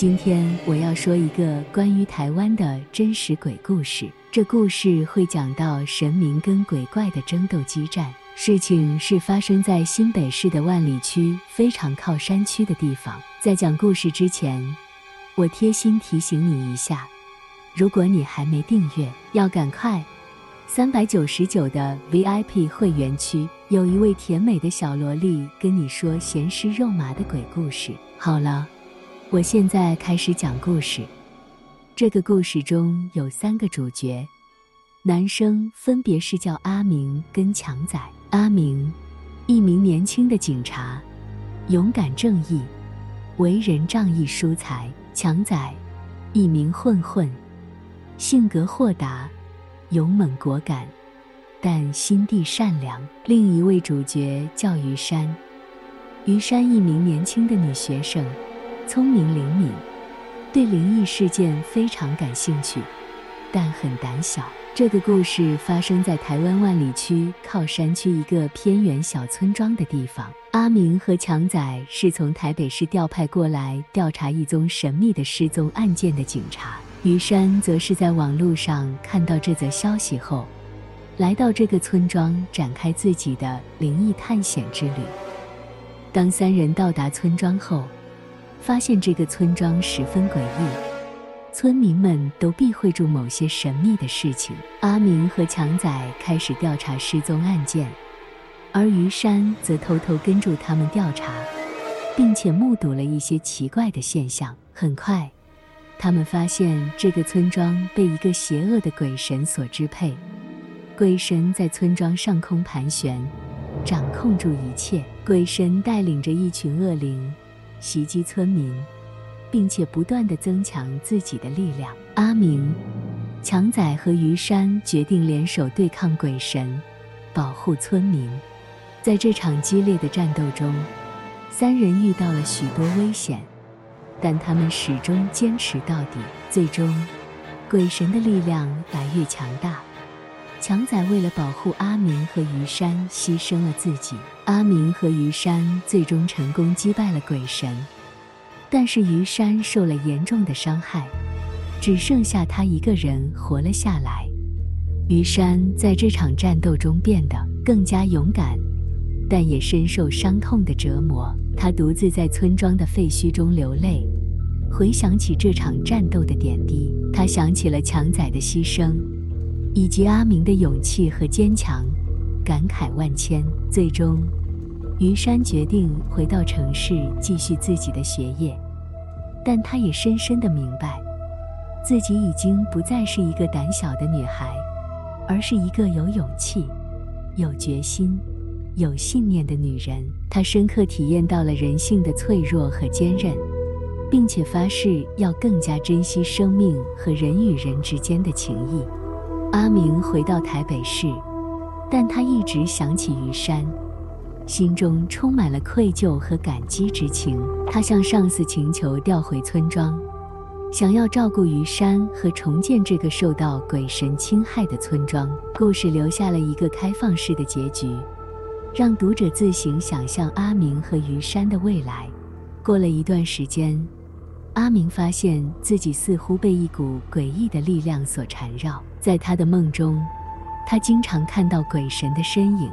今天我要說一個關於台灣的真實鬼故事。這故事會講到神明跟鬼怪的爭鬥激戰。事情是發生在新北市的萬里區，非常靠山區的地方。在講故事之前，我貼心提醒你一下：如果你還沒訂閱，要趕快！三百九十九的 VIP 會員區，有一位甜美的小蘿莉跟你說鹹濕肉麻的鬼故事。好了。我現在開始講故事。這個故事中有三個主角，男生分別是叫阿明跟強仔。阿明，一名年輕的警察，勇敢正義，為人仗義疏財。強仔，一名混混，性格豁達，勇猛果敢，但心地善良。另一位主角叫於山，於山，一名年輕的女學生。聰明靈敏，對靈異事件非常感興趣，但很膽小。這個故事發生在台灣萬里區靠山區一個偏遠小村莊的地方。阿明和強仔是從台北市調派過來調查一宗神秘的失蹤案件的警察。於山則是在網絡上看到這則消息後，來到這個村莊展開自己的靈異探險之旅。當三人到達村莊後。發現這個村莊十分詭異，村民們都避諱住某些神秘的事情。阿明和強仔開始調查失蹤案件，而於山則偷偷跟住他們調查，並且目睹了一些奇怪的現象。很快，他們發現這個村莊被一個邪惡的鬼神所支配，鬼神在村莊上空盤旋，掌控住一切。鬼神帶領着一群惡靈。襲擊村民，並且不斷的增強自己的力量，阿明、強仔和於山決定聯手對抗鬼神，保護村民。在這場激烈的戰鬥中，三人遇到了許多危險，但他們始終堅持到底。最終，鬼神的力量越來越強大。強仔為了保護阿明和於山，犧牲了自己。阿明和於山最終成功擊敗了鬼神，但是於山受了嚴重的傷害，只剩下他一個人活了下來。於山在這場戰鬥中變得更加勇敢，但也深受傷痛的折磨。他獨自在村莊的廢墟中流淚，回想起這場戰鬥的點滴，他想起了強仔的犧牲。以及阿明的勇氣和堅強，感慨萬千。最終，於山決定回到城市繼續自己的學業，但她也深深的明白，自己已經不再是一個膽小的女孩，而是一個有勇氣、有決心、有信念的女人。她深刻體驗到了人性的脆弱和堅韌，並且發誓要更加珍惜生命和人與人之間的情誼。阿明回到台北市，但他一直想起於山，心中充滿了愧疚和感激之情。他向上司請求調回村莊，想要照顧於山和重建這個受到鬼神侵害的村莊。故事留下了一個開放式的結局，讓讀者自行想象阿明和於山的未來。過了一段時間。阿明發現自己似乎被一股詭異的力量所纏繞。在他的夢中，他經常看到鬼神的身影，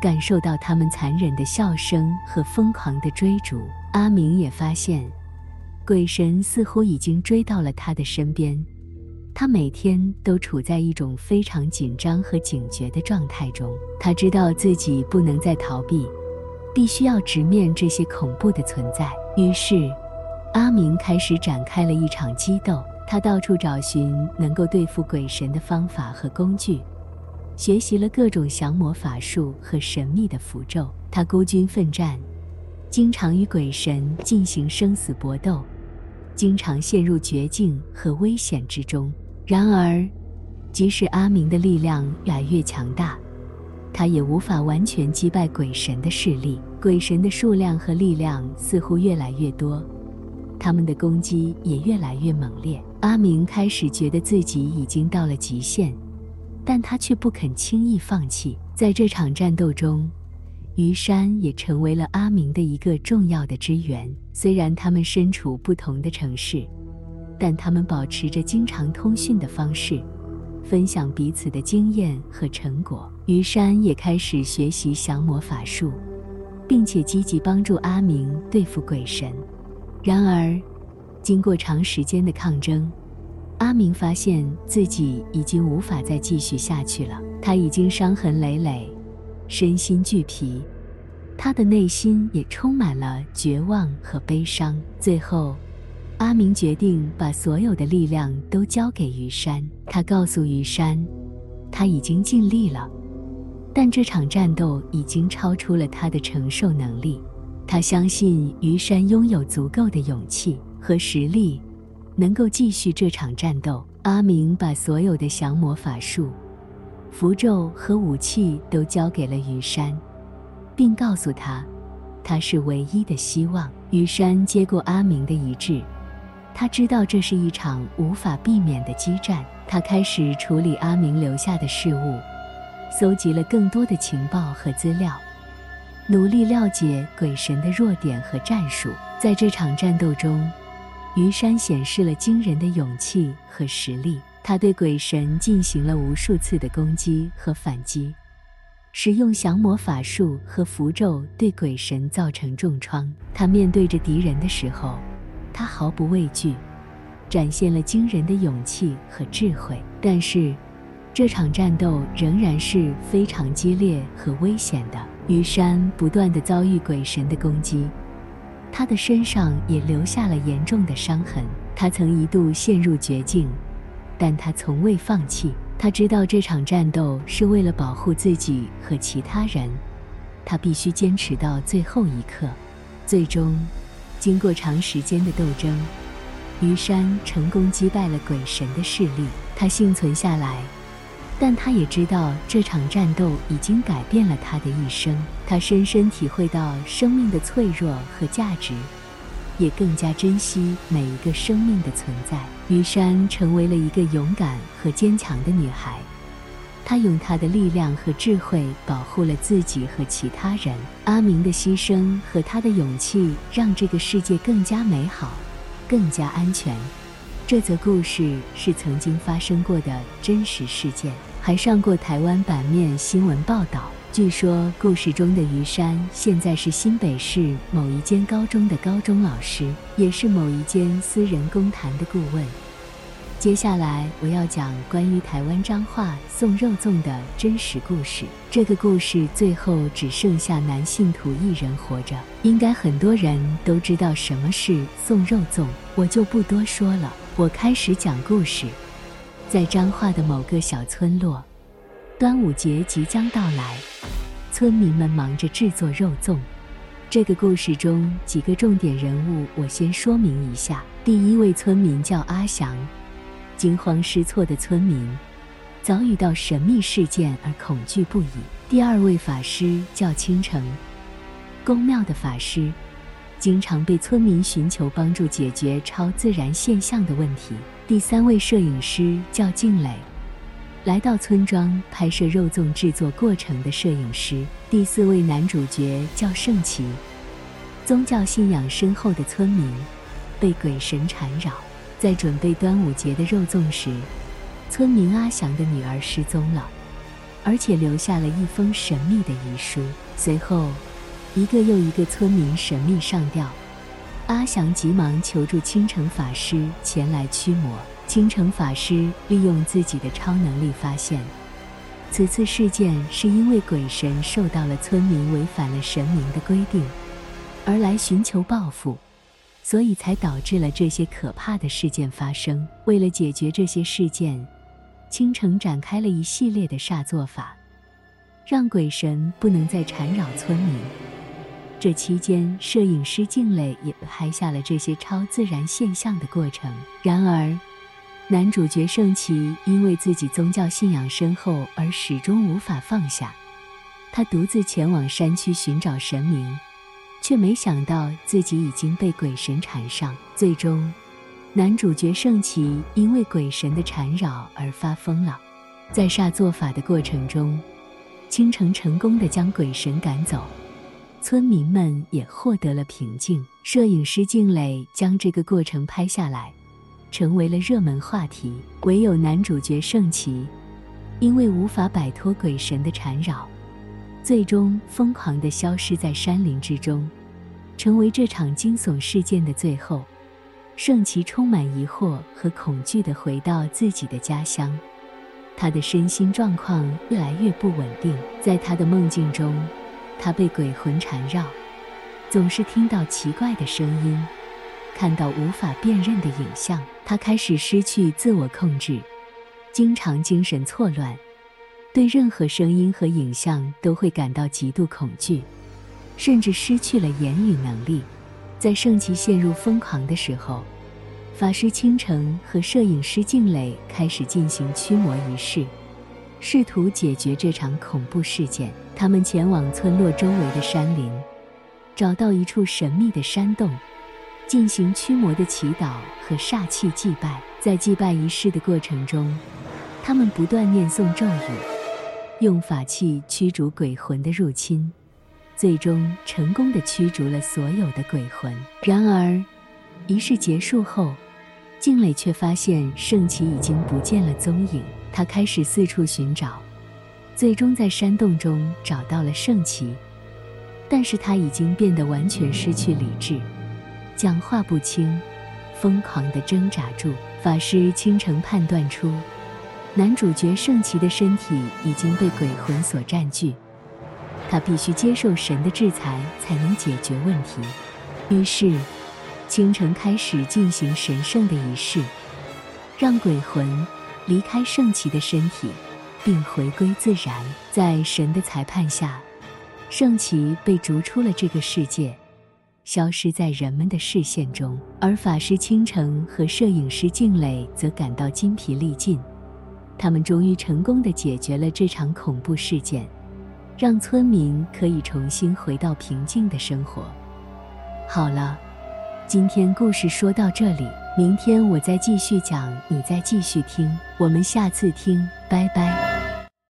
感受到他們殘忍的笑聲和瘋狂的追逐。阿明也發現，鬼神似乎已經追到了他的身邊，他每天都處在一種非常緊張和警覺的狀態中。他知道自己不能再逃避，必須要直面這些恐怖的存在。於是，阿明開始展開了一場激鬥，他到處找尋能夠對付鬼神的方法和工具，學習了各種降魔法術和神秘的符咒。他孤軍奮戰，經常與鬼神進行生死搏鬥，經常陷入絕境和危險之中。然而，即使阿明的力量越來越強大，他也無法完全擊敗鬼神的勢力。鬼神的數量和力量似乎越來越多。他們的攻擊也越來越猛烈，阿明開始覺得自己已經到了極限，但他卻不肯輕易放棄。在這場戰鬥中，於山也成為了阿明的一個重要的支援。雖然他們身處不同的城市，但他們保持着經常通訊的方式，分享彼此的經驗和成果。於山也開始學習降魔法術，並且積極幫助阿明對付鬼神。然而，經過長時間的抗爭，阿明發現自己已經無法再繼續下去了。他已經傷痕累累，身心俱疲，他的內心也充滿了絕望和悲傷。最後，阿明決定把所有的力量都交給於山。他告訴於山，他已經盡力了，但這場戰鬥已經超出了他的承受能力。他相信於山擁有足夠的勇氣和實力，能夠繼續這場戰鬥。阿明把所有的降魔法術、符咒和武器都交給了於山，並告訴他，他是唯一的希望。於山接過阿明的遺志，他知道這是一場無法避免的激戰。他開始處理阿明留下的事務，蒐集了更多的情報和資料。努力了解鬼神的弱點和戰術。在這場戰鬥中，於山顯示了驚人的勇氣和實力。他對鬼神進行了無數次的攻擊和反擊，使用降魔法術和符咒對鬼神造成重創。他面對着敵人的時候，他毫不畏懼，展現了驚人的勇氣和智慧。但是，這場戰鬥仍然是非常激烈和危險的。於山不斷地遭遇鬼神的攻擊，他的身上也留下了嚴重的傷痕。他曾一度陷入絕境，但他從未放棄。他知道這場戰鬥是為了保護自己和其他人，他必須堅持到最後一刻。最終，經過長時間的鬥爭，於山成功擊敗了鬼神的勢力，他幸存下來。但他也知道這場戰鬥已經改變了他的一生，他深深體會到生命的脆弱和價值，也更加珍惜每一個生命的存在。於山成為了一個勇敢和堅強的女孩，她用她的力量和智慧保護了自己和其他人。阿明的犧牲和他的勇氣讓這個世界更加美好，更加安全。這則故事是曾經發生過的真實事件。還上過台灣版面新聞報道。據說故事中的於山現在是新北市某一間高中的高中老師，也是某一間私人公壇的顧問。接下來我要講關於台灣彰化送肉粽的真實故事。這個故事最後只剩下男信徒一人活着。應該很多人都知道什麼是送肉粽，我就不多說了。我開始講故事。在彰化的某個小村落，端午節即將到來，村民們忙着制作肉粽。這個故事中幾個重點人物，我先說明一下：第一位村民叫阿祥，驚慌失措的村民，遭遇到神秘事件而恐懼不已；第二位法師叫清城，宮廟的法師，經常被村民尋求幫助解決超自然現象的問題。第三位攝影師叫靜磊，來到村莊拍攝肉粽制作過程的攝影師。第四位男主角叫盛奇，宗教信仰深厚的村民，被鬼神纏繞。在準備端午節的肉粽時，村民阿祥的女兒失蹤了，而且留下了一封神秘的遺書。隨後，一個又一個村民神秘上吊。阿祥急忙求助青城法師前來驅魔。青城法師利用自己的超能力發現，此次事件是因為鬼神受到了村民違反了神明的規定，而來尋求報復，所以才導致了這些可怕的事件發生。為了解決這些事件，青城展開了一系列的煞作法，讓鬼神不能再纏繞村民。這期間，攝影師靜磊也拍下了這些超自然現象的過程。然而，男主角聖琦因為自己宗教信仰深厚而始終無法放下。他獨自前往山區尋找神明，卻沒想到自己已經被鬼神纏上。最終，男主角聖琦因為鬼神的纏繞而發瘋了。在煞做法的過程中，傾城成功的將鬼神趕走。村民們也獲得了平靜。攝影師敬磊將這個過程拍下來，成為了熱門話題。唯有男主角盛奇，因為無法擺脫鬼神的纏繞，最終瘋狂地消失在山林之中，成為這場驚悚事件的最後。盛奇充滿疑惑和恐懼地回到自己的家鄉，他的身心狀況越來越不穩定。在他的夢境中，他被鬼魂纏繞，總是聽到奇怪的聲音，看到無法辨認的影像。他開始失去自我控制，經常精神錯亂，對任何聲音和影像都會感到極度恐懼，甚至失去了言語能力。在聖騎陷入瘋狂的時候，法師傾城和攝影師靜蕾開始進行驅魔儀式。試圖解決這場恐怖事件，他們前往村落周圍的山林，找到一處神秘的山洞，進行驅魔的祈禱和煞氣祭拜。在祭拜儀式的過程中，他們不斷念誦咒語，用法器驅逐鬼魂的入侵，最終成功的驅逐了所有的鬼魂。然而，儀式結束後，靜蕾卻發現聖騎已經不見了蹤影。他開始四處尋找，最終在山洞中找到了聖騎。但是他已經變得完全失去理智，講話不清，瘋狂地掙扎住。法師傾城判斷出，男主角聖騎的身體已經被鬼魂所佔據，他必須接受神的制裁才能解決問題。於是，傾城開始進行神聖的儀式，讓鬼魂。離開聖騎的身體，並回歸自然。在神的裁判下，聖騎被逐出了這個世界，消失在人們的視線中。而法師傾城和攝影師靜蕾則感到筋疲力盡。他們終於成功地解決了這場恐怖事件，讓村民可以重新回到平靜的生活。好了，今天故事說到這裡。明天我再繼續講，你再繼續聽，我們下次聽，拜拜。